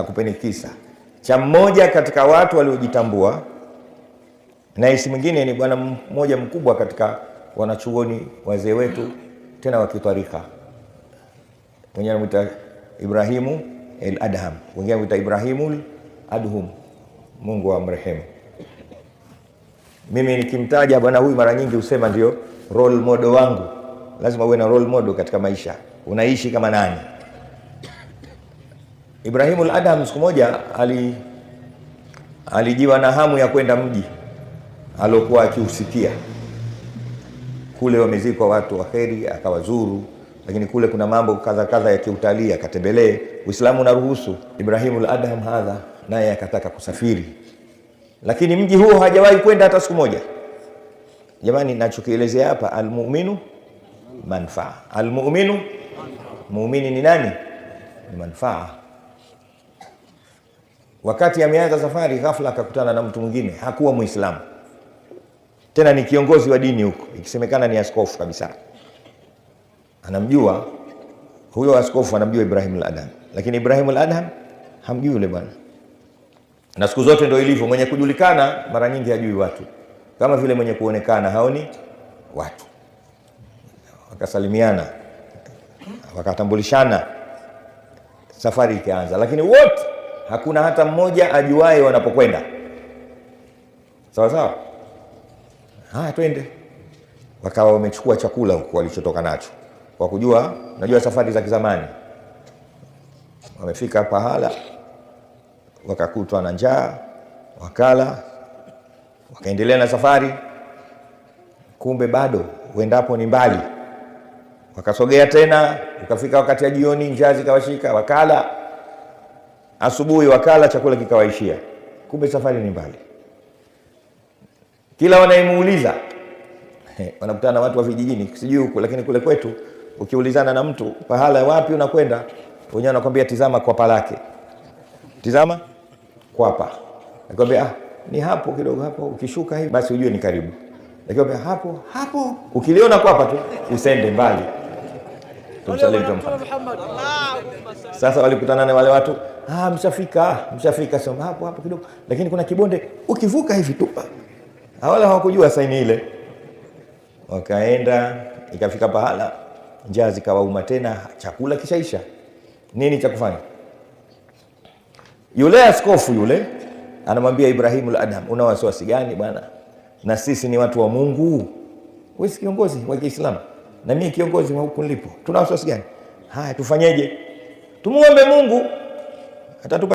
Nakupeni kisa cha mmoja katika watu waliojitambua, na isi mwingine ni bwana mmoja mkubwa katika wanachuoni wazee wetu tena wa kitarika, mwenyewe anamwita Ibrahimu el Adham, wengine Ibrahimu Ibrahimul Adhum, Mungu mrehemu. Mimi nikimtaja bwana huyu mara nyingi husema ndio role model wangu. Lazima uwe na role model katika maisha, unaishi kama nani? Ibrahimul Adam siku moja ali alijiwa na hamu ya kwenda mji aliokuwa akiusikia kule wamezikwa watu wa akawazuru, lakini kule kuna mambo kadha kadha ya kiutalii, akatembelee. Uislamu unaruhusu. Ibrahimul Adam hadha naye akataka kusafiri, lakini mji huo hajawahi kwenda hata siku moja. Jamani, nachokielezea hapa, almuminu manfaa, almuminu muumini ni nani? Ni manfaa Wakati ameanza safari, ghafla akakutana na mtu mwingine, hakuwa Muislamu tena, ni kiongozi wa dini huko, ikisemekana ni askofu kabisa. Anamjua huyo askofu, anamjua Ibrahim al-Adham, lakini Ibrahim al-Adham hamjui yule bwana. Na siku zote ndio ilivyo, mwenye kujulikana mara nyingi hajui watu, kama vile mwenye kuonekana haoni watu. Wakasalimiana, wakatambulishana, safari ikaanza, lakini wote hakuna hata mmoja ajuae wanapokwenda. Sawa sawa, haya twende. Wakawa wamechukua chakula huku walichotoka nacho, kwa kujua, najua safari za kizamani. Wamefika pahala wakakutwa na njaa, wakala, wakaendelea na safari. Kumbe bado uendapo ni mbali. Wakasogea tena, ukafika wakati ya jioni, njaa zikawashika, wakala asubuhi wakala chakula kikawaishia, kumbe safari ni mbali. Kila wanayemuuliza wanakutana na watu wa vijijini, sijui huku, lakini kule kwetu ukiulizana na mtu pahala wapi unakwenda, wenyewe wanakwambia tizama kwapa lake, tizama kwapa, nakwambia ah, ni hapo kidogo, hapo ukishuka hivi basi ujue ni karibu, lakini hapo hapo, ukiliona kwapa tu usende mbali tumsalimu Muhammad. Sasa walikutana na wale watu, ah, mshafika mshafika, sema hapo hapo kidogo, lakini kuna kibonde ukivuka hivi tu. Ah. Wala hawakujua saini ile, wakaenda ikafika pahala njaa zikawauma tena, chakula kishaisha, nini cha kufanya? Yule askofu yule anamwambia Ibrahimu al-Adham, una wasiwasi gani bwana? Na sisi ni watu wa Mungu, wewe si kiongozi wa Kiislamu na mimi kiongozi wa huku nilipo, tuna wasiwasi gani? Haya, tufanyeje? Tumuombe Mungu atatupa